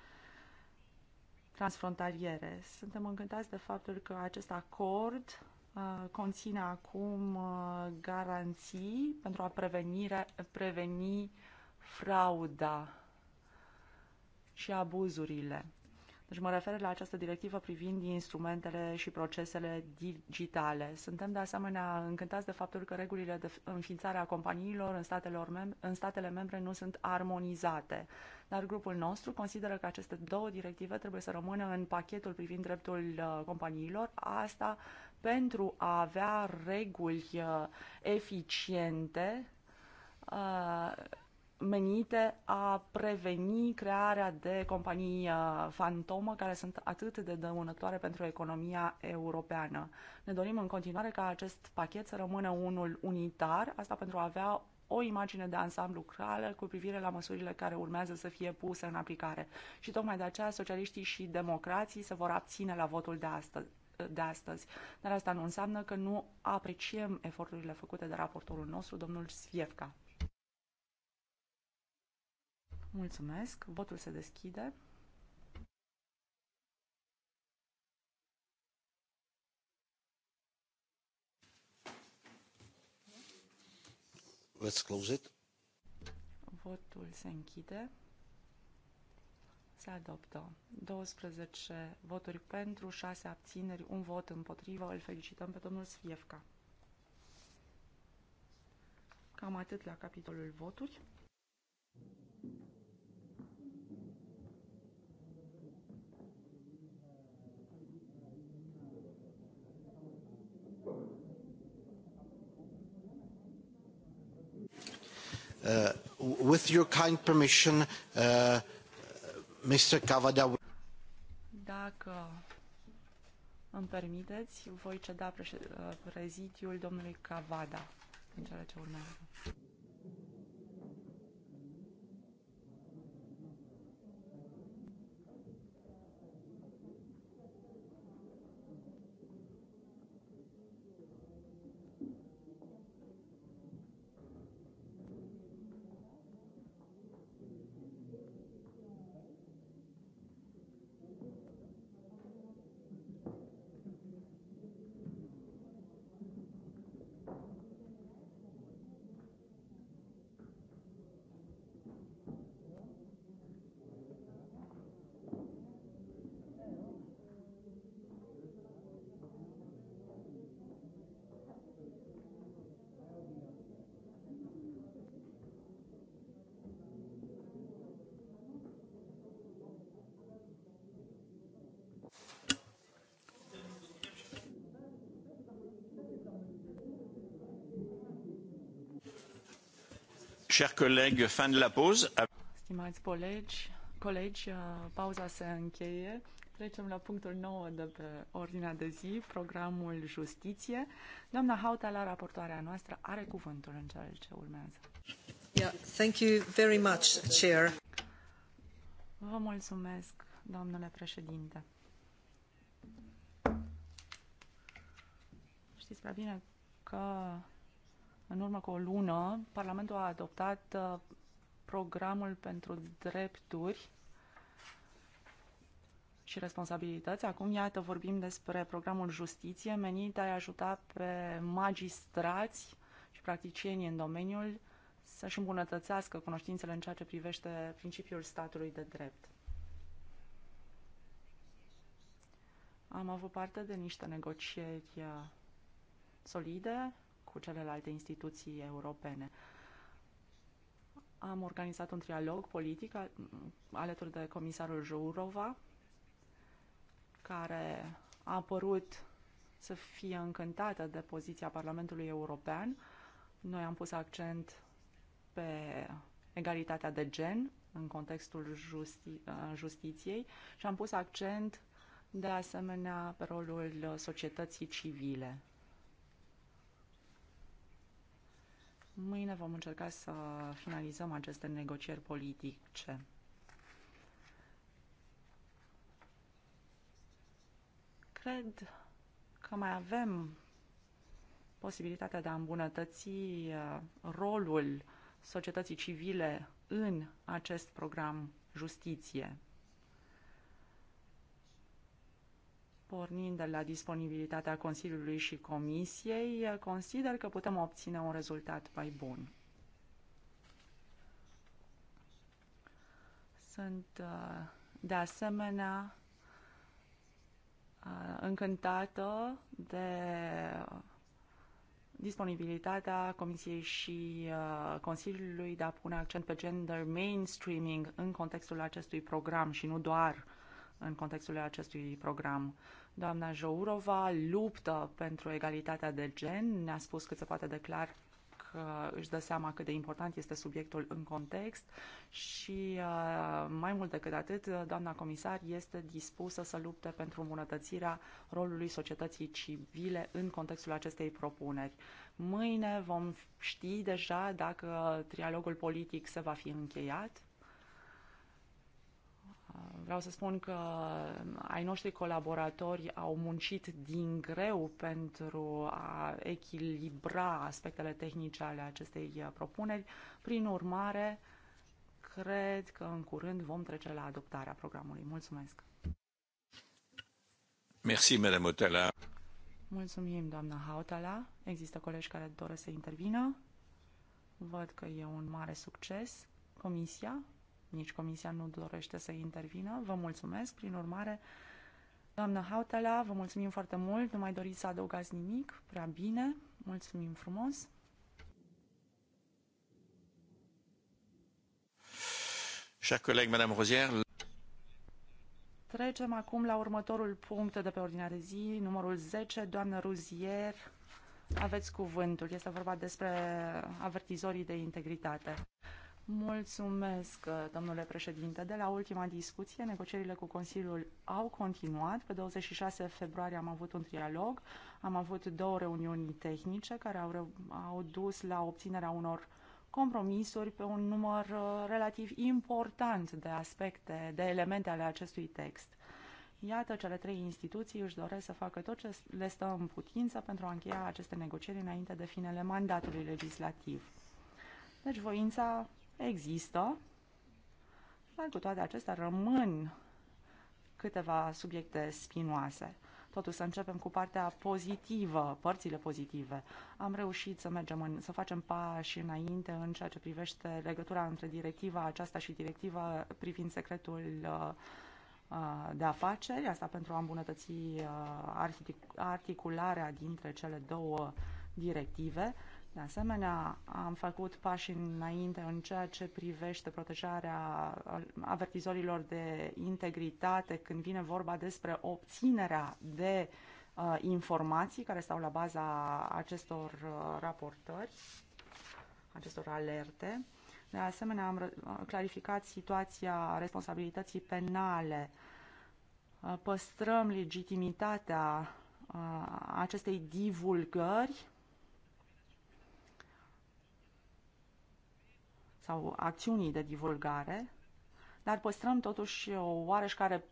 transfrontaliere. Suntem încântați de faptul că acest acord uh, conține acum uh, garanții pentru a preveni, preveni frauda și abuzurile. Deci mă refer la această directivă privind instrumentele și procesele digitale. Suntem de asemenea încântați de faptul că regulile de înființare a companiilor în, mem- în statele membre nu sunt armonizate. Dar grupul nostru consideră că aceste două directive trebuie să rămână în pachetul privind dreptul uh, companiilor, asta pentru a avea reguli uh, eficiente uh, menite a preveni crearea de companii uh, fantomă care sunt atât de dăunătoare pentru economia europeană. Ne dorim în continuare ca acest pachet să rămână unul unitar, asta pentru a avea o imagine de ansamblu clară cu privire la măsurile care urmează să fie puse în aplicare. Și tocmai de aceea socialiștii și democrații se vor abține la votul de astăzi. De astăzi. Dar asta nu înseamnă că nu apreciem eforturile făcute de raportorul nostru, domnul Svievca. Mulțumesc. Votul se deschide. Let's close it. Votul se închide. Se adoptă. 12 voturi pentru, 6 abțineri, un vot împotrivă. Îl felicităm pe domnul Sfievca. Cam atât la capitolul voturi. Uh, with your kind permission, uh, Mr. Cavada... Dacă îmi permiteți, voi ceda uh, prezidiul domnului Cavada în cele ce urmează. Stimați colegi, colegi, uh, pauza se încheie. Trecem la punctul 9 de pe ordinea de zi, programul Justiție. Doamna Hauta, la raportoarea noastră, are cuvântul în cel ce urmează. Yeah, thank you very much, Chair. Vă mulțumesc, domnule președinte. Știți prea bine că în urmă cu o lună, Parlamentul a adoptat uh, programul pentru drepturi și responsabilități. Acum, iată, vorbim despre programul justiție menit de a ajuta pe magistrați și practicienii în domeniul să-și îmbunătățească cunoștințele în ceea ce privește principiul statului de drept. Am avut parte de niște negocieri uh, solide cu celelalte instituții europene. Am organizat un trialog politic alături de comisarul Jourova, care a apărut să fie încântată de poziția Parlamentului European. Noi am pus accent pe egalitatea de gen în contextul justi- justiției și am pus accent de asemenea pe rolul societății civile. Mâine vom încerca să finalizăm aceste negocieri politice. Cred că mai avem posibilitatea de a îmbunătăți uh, rolul societății civile în acest program justiție. pornind de la disponibilitatea Consiliului și Comisiei, consider că putem obține un rezultat mai bun. Sunt uh, de asemenea uh, încântată de disponibilitatea Comisiei și uh, Consiliului de a pune accent pe gender mainstreaming în contextul acestui program și nu doar în contextul acestui program. Doamna Jourova luptă pentru egalitatea de gen, ne-a spus cât se poate declar că își dă seama cât de important este subiectul în context și uh, mai mult decât atât, doamna comisar este dispusă să lupte pentru îmbunătățirea rolului societății civile în contextul acestei propuneri. Mâine vom ști deja dacă trialogul politic se va fi încheiat Vreau să spun că ai noștri colaboratori au muncit din greu pentru a echilibra aspectele tehnice ale acestei propuneri. Prin urmare, cred că în curând vom trece la adoptarea programului. Mulțumesc! Merci, Madame Otala. Mulțumim, doamna Hautala. Există colegi care doresc să intervină. Văd că e un mare succes. Comisia, nici comisia nu dorește să intervină. Vă mulțumesc. Prin urmare, doamnă Hautala, vă mulțumim foarte mult. Nu mai doriți să adăugați nimic. Prea bine. Mulțumim frumos. Chers Madame Rosière. Trecem acum la următorul punct de pe ordinea de zi, numărul 10. Doamnă Ruzier, aveți cuvântul. Este vorba despre avertizorii de integritate. Mulțumesc, uh, domnule președinte. De la ultima discuție, negocierile cu Consiliul au continuat. Pe 26 februarie am avut un trialog, am avut două reuniuni tehnice care au, au dus la obținerea unor compromisuri pe un număr uh, relativ important de aspecte, de elemente ale acestui text. Iată, cele trei instituții își doresc să facă tot ce le stă în putință pentru a încheia aceste negocieri înainte de finele mandatului legislativ. Deci voința există, dar cu toate acestea rămân câteva subiecte spinoase. Totuși să începem cu partea pozitivă, părțile pozitive. Am reușit să mergem în, să facem pași înainte în ceea ce privește legătura între directiva aceasta și directiva privind secretul uh, de afaceri, asta pentru a îmbunătăți uh, articularea dintre cele două directive. De asemenea, am făcut pași înainte în ceea ce privește protejarea avertizorilor de integritate când vine vorba despre obținerea de uh, informații care stau la baza acestor uh, raportări, acestor alerte. De asemenea, am uh, clarificat situația responsabilității penale. Uh, păstrăm legitimitatea uh, acestei divulgări sau acțiunii de divulgare, dar păstrăm totuși o oareșcare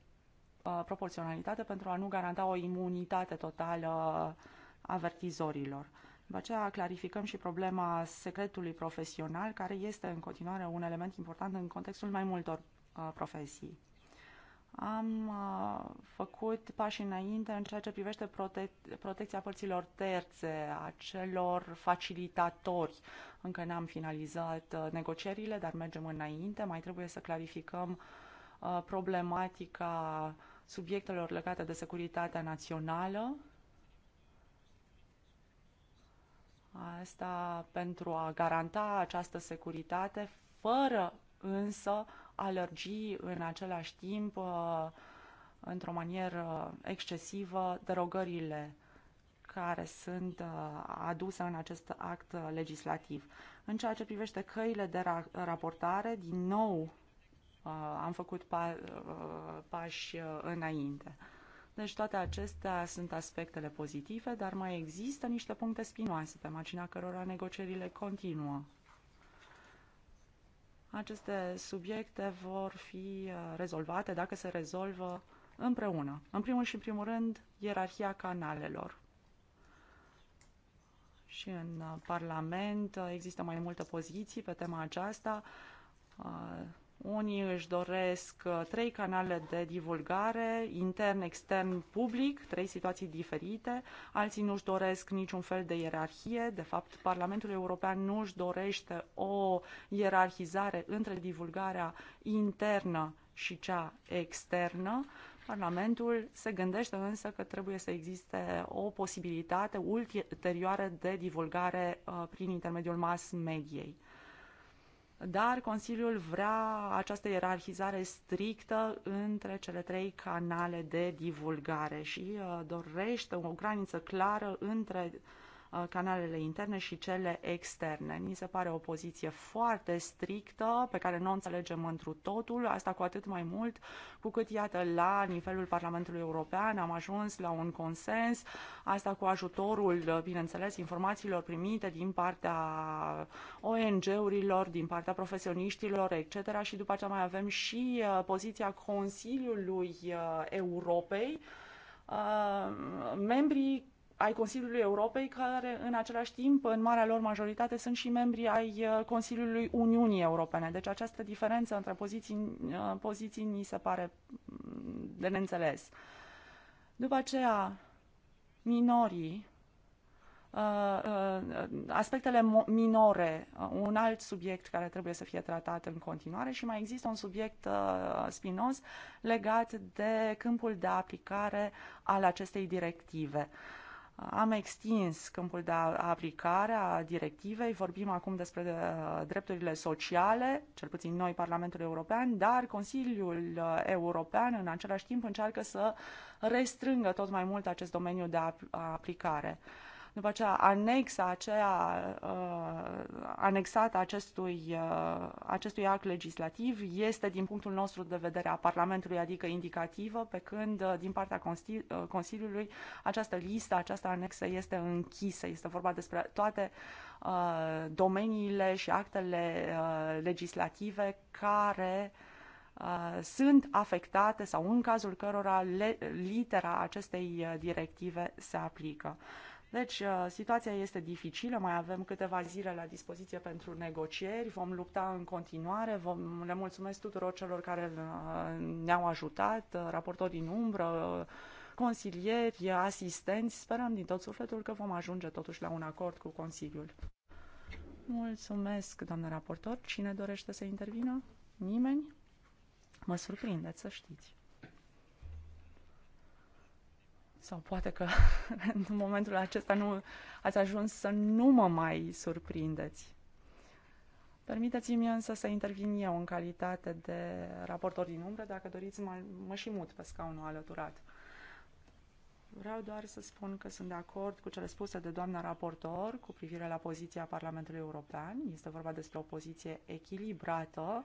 uh, proporționalitate pentru a nu garanta o imunitate totală avertizorilor. După aceea clarificăm și problema secretului profesional, care este în continuare un element important în contextul mai multor uh, profesii am uh, făcut pași înainte în ceea ce privește prote- protecția părților terțe, a celor facilitatori. Încă n-am finalizat uh, negocierile, dar mergem înainte. Mai trebuie să clarificăm uh, problematica subiectelor legate de securitatea națională. Asta pentru a garanta această securitate, fără însă a lărgi în același timp uh, într-o manieră excesivă derogările care sunt uh, aduse în acest act legislativ. În ceea ce privește căile de ra raportare, din nou uh, am făcut pa pași înainte. Deci toate acestea sunt aspectele pozitive, dar mai există niște puncte spinoase pe marginea cărora negocierile continuă aceste subiecte vor fi uh, rezolvate dacă se rezolvă împreună. În primul și în primul rând, ierarhia canalelor. Și în uh, Parlament uh, există mai multe poziții pe tema aceasta. Unii își doresc uh, trei canale de divulgare, intern, extern, public, trei situații diferite. Alții nu își doresc niciun fel de ierarhie. De fapt, Parlamentul European nu își dorește o ierarhizare între divulgarea internă și cea externă. Parlamentul se gândește însă că trebuie să existe o posibilitate ulterioară de divulgare uh, prin intermediul mass mediei dar Consiliul vrea această ierarhizare strictă între cele trei canale de divulgare și uh, dorește o graniță clară între uh, Uh, canalele interne și cele externe. Mi se pare o poziție foarte strictă, pe care nu o înțelegem întru totul, asta cu atât mai mult, cu cât, iată, la nivelul Parlamentului European am ajuns la un consens, asta cu ajutorul, bineînțeles, informațiilor primite din partea ONG-urilor, din partea profesioniștilor, etc. și după aceea mai avem și uh, poziția Consiliului uh, Europei, membrii ai Consiliului Europei, care în același timp, în marea lor majoritate, sunt și membri ai uh, Consiliului Uniunii Europene. Deci această diferență între poziții, uh, poziții mi se pare mm, de neînțeles. După aceea, minorii, uh, aspectele minore, un alt subiect care trebuie să fie tratat în continuare și mai există un subiect spinos legat de câmpul de aplicare al acestei directive. Am extins câmpul de aplicare a directivei, vorbim acum despre uh, drepturile sociale, cel puțin noi, Parlamentul European, dar Consiliul uh, European în același timp încearcă să restrângă tot mai mult acest domeniu de aplicare. După aceea, anexa aceea uh, anexată acestui, uh, acestui act legislativ este, din punctul nostru de vedere a Parlamentului, adică indicativă, pe când, uh, din partea Consili- uh, Consiliului, această listă, această anexă este închisă. Este vorba despre toate uh, domeniile și actele uh, legislative care uh, sunt afectate sau în cazul cărora le, litera acestei uh, directive se aplică. Deci, uh, situația este dificilă, mai avem câteva zile la dispoziție pentru negocieri, vom lupta în continuare, vom, le mulțumesc tuturor celor care uh, ne-au ajutat, uh, raportori din umbră, consilieri, asistenți, sperăm din tot sufletul că vom ajunge totuși la un acord cu Consiliul. Mulțumesc, doamnă raportor. Cine dorește să intervină? Nimeni? Mă surprindeți, să știți. Sau poate că în momentul acesta nu ați ajuns să nu mă mai surprindeți. Permiteți-mi însă să intervin eu în calitate de raportor din umbră, dacă doriți mă, mă și mut pe scaunul alăturat. Vreau doar să spun că sunt de acord cu cele spuse de doamna raportor cu privire la poziția Parlamentului European. Este vorba despre o poziție echilibrată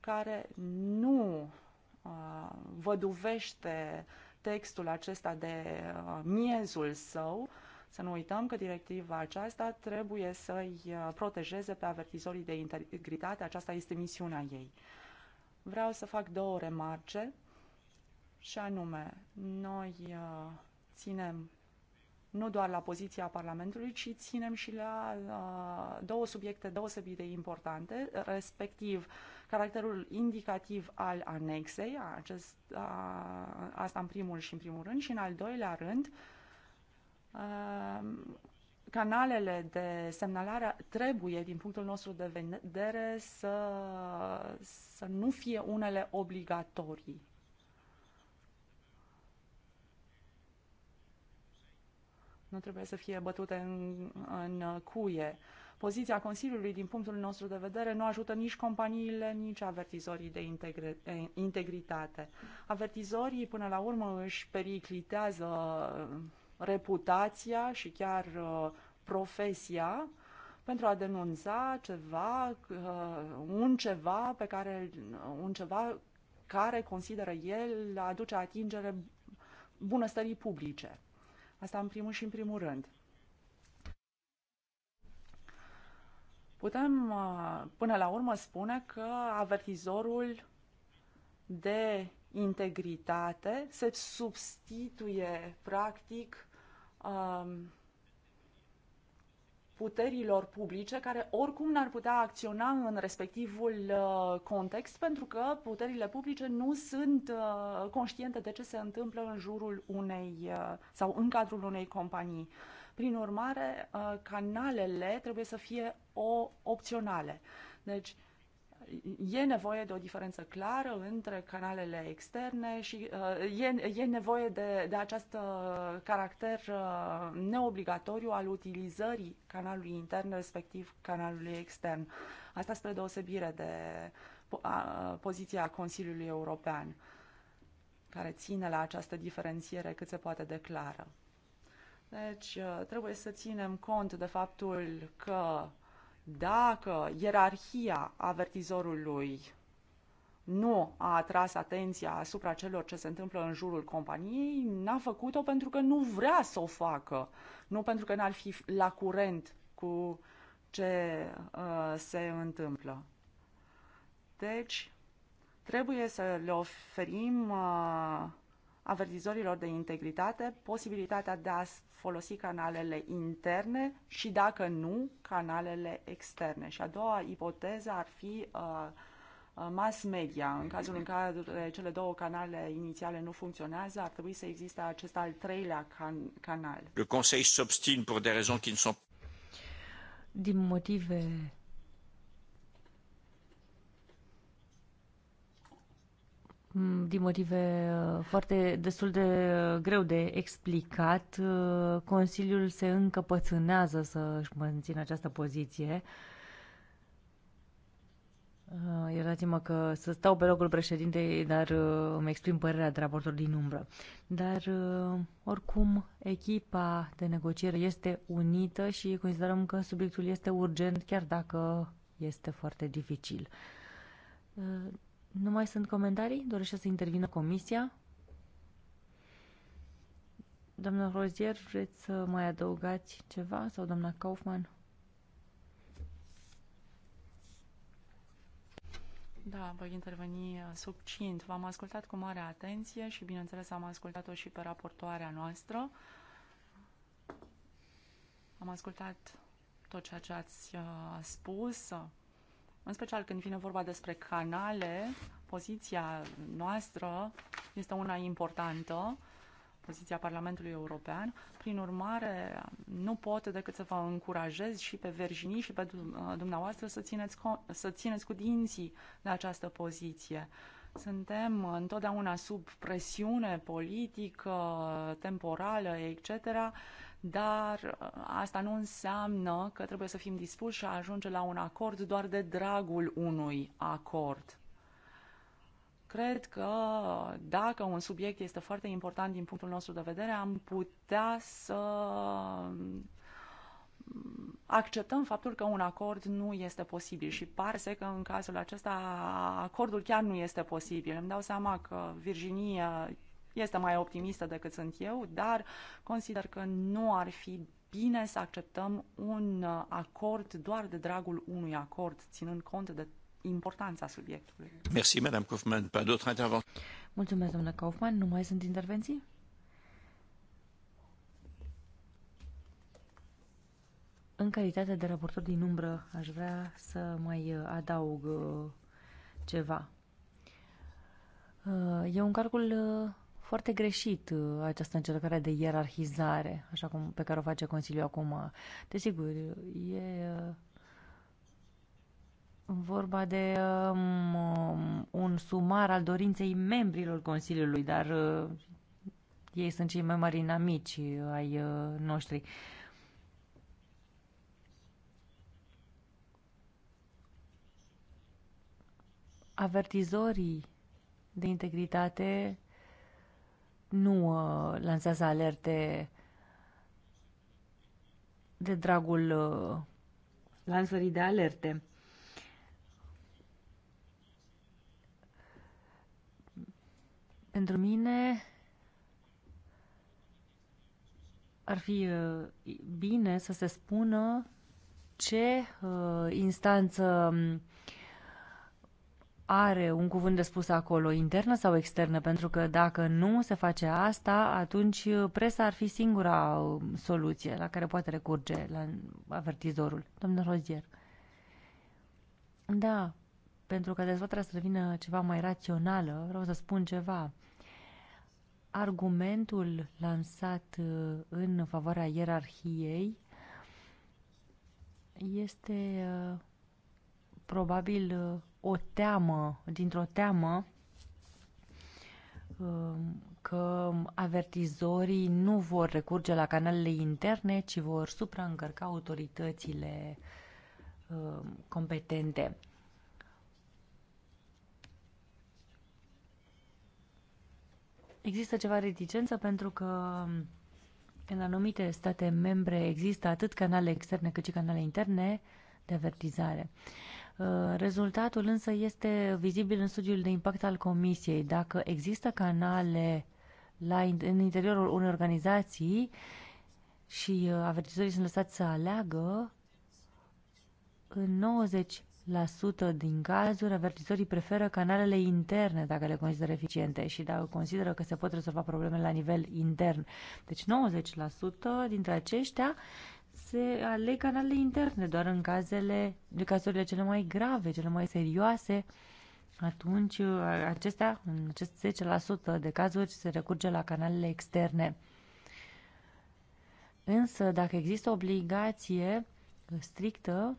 care nu uh, văduvește uh, textul acesta de uh, miezul său, să nu uităm că directiva aceasta trebuie să-i uh, protejeze pe avertizorii de integritate, aceasta este misiunea ei. Vreau să fac două remarce și anume, noi uh, ținem nu doar la poziția Parlamentului, ci ținem și la două subiecte deosebit de importante, respectiv uh, caracterul indicativ al anexei, acest, a, asta în primul și în primul rând, și în al doilea rând, a, canalele de semnalare trebuie, din punctul nostru de vedere, să, să nu fie unele obligatorii. Nu trebuie să fie bătute în, în cuie. Uh, Poziția Consiliului, din punctul nostru de vedere, nu ajută nici companiile, nici avertizorii de integre, integritate. Avertizorii, până la urmă, își periclitează uh, reputația și chiar uh, profesia pentru a denunța ceva, uh, un ceva pe care, un ceva care consideră el aduce atingere bunăstării publice. Asta în primul și în primul rând. putem uh, până la urmă spune că avertizorul de integritate se substituie practic um, puterilor publice care oricum n-ar putea acționa în respectivul uh, context pentru că puterile publice nu sunt uh, conștiente de ce se întâmplă în jurul unei sau în cadrul unei companii. Prin urmare, uh, canalele trebuie să fie o opționale. Deci, e nevoie de o diferență clară între canalele externe și uh, e, e nevoie de, de acest uh, caracter uh, neobligatoriu al utilizării canalului intern, respectiv canalului extern. Asta spre deosebire de po- a, poziția Consiliului European, care ține la această diferențiere cât se poate declară. Deci uh, trebuie să ținem cont de faptul că dacă ierarhia avertizorului nu a atras atenția asupra celor ce se întâmplă în jurul companiei, n-a făcut-o pentru că nu vrea să o facă, nu pentru că n-ar fi la curent cu ce uh, se întâmplă. Deci, trebuie să le oferim uh, avertizorilor de integritate posibilitatea de a folosi canalele interne și, dacă nu, canalele externe. Și a doua ipoteză ar fi uh, uh, mass media. În cazul în care cele două canale inițiale nu funcționează, ar trebui să existe acest al treilea can- canal. Le Conseil s'obstine pour des raisons qui ne sont din motive din motive uh, foarte destul de uh, greu de explicat, uh, Consiliul se încăpățânează să își mențină această poziție. Iertați-mă că să stau pe locul președintei, dar îmi exprim părerea de raportor din umbră. Dar, oricum, echipa de negociere este unită și considerăm că subiectul este urgent, chiar dacă este foarte dificil. Nu mai sunt comentarii? Dorește să intervină comisia? Doamna Rozier, vreți să mai adăugați ceva? Sau doamna Kaufman? Da, voi interveni uh, succint. V-am ascultat cu mare atenție și, bineînțeles, am ascultat-o și pe raportoarea noastră. Am ascultat tot ceea ce ați uh, spus, în special când vine vorba despre canale, poziția noastră este una importantă, poziția Parlamentului European. Prin urmare, nu pot decât să vă încurajez și pe Virginie și pe uh, dumneavoastră să țineți, să țineți cu dinții la această poziție. Suntem întotdeauna sub presiune politică, temporală, etc dar uh, asta nu înseamnă că trebuie să fim dispuși să ajunge la un acord doar de dragul unui acord. Cred că dacă un subiect este foarte important din punctul nostru de vedere, am putea să mm, acceptăm faptul că un acord nu este posibil și parse că în cazul acesta acordul chiar nu este posibil. Îmi dau seama că Virginia este mai optimistă decât sunt eu, dar consider că nu ar fi bine să acceptăm un uh, acord doar de dragul unui acord, ținând cont de importanța subiectului. Merci, Madame Kaufmann. Pas d'autres intervenții? Mulțumesc, doamnă Kaufmann. Nu mai sunt intervenții? În calitate de raportor din umbră, aș vrea să mai uh, adaug uh, ceva. E un calcul foarte greșit uh, această încercare de ierarhizare, așa cum pe care o face Consiliul acum. Desigur, e uh, vorba de um, um, un sumar al dorinței membrilor Consiliului, dar uh, ei sunt cei mai mari inamici uh, ai uh, noștri. Avertizorii de integritate nu uh, lansează alerte de dragul uh, lansării de alerte. Pentru mine ar fi uh, bine să se spună ce uh, instanță uh, are un cuvânt de spus acolo, internă sau externă, pentru că dacă nu se face asta, atunci uh, presa ar fi singura uh, soluție la care poate recurge la avertizorul. Domnul Rozier. Da, pentru că dezvoltarea să devină ceva mai rațională, vreau să spun ceva. Argumentul lansat uh, în favoarea ierarhiei este probabil o teamă, dintr-o teamă um, că avertizorii nu vor recurge la canalele interne, ci vor supraîncărca autoritățile um, competente. Există ceva reticență pentru că în anumite state membre există atât canale externe cât și canale interne de avertizare. Uh, Uh, rezultatul însă este vizibil în studiul de impact al Comisiei. Dacă există canale la, în interiorul unei organizații și uh, avertizorii sunt lăsați să aleagă, în 90% din cazuri avertizorii preferă canalele interne dacă le consideră eficiente și dacă consideră că se pot rezolva problemele la nivel intern. Deci 90% dintre aceștia se aleg canalele interne, doar în cazele, de cazurile cele mai grave, cele mai serioase, atunci uh, acestea, în acest 10% de cazuri, se recurge la canalele externe. Însă, dacă există obligație strictă,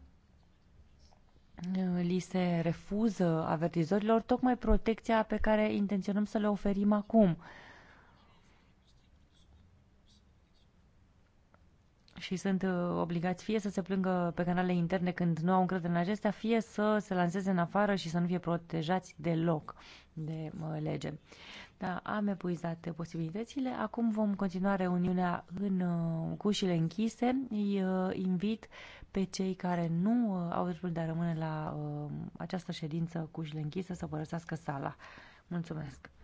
uh, li se refuză avertizorilor tocmai protecția pe care intenționăm să le oferim acum. și sunt uh, obligați fie să se plângă pe canale interne când nu au încredere în acestea, fie să se lanseze în afară și să nu fie protejați deloc de uh, lege. Da, am epuizat posibilitățile. Acum vom continua reuniunea în uh, cușile închise. Îi invit pe cei care nu au dreptul de a rămâne la această ședință cușile închise să părăsească sala. Mulțumesc!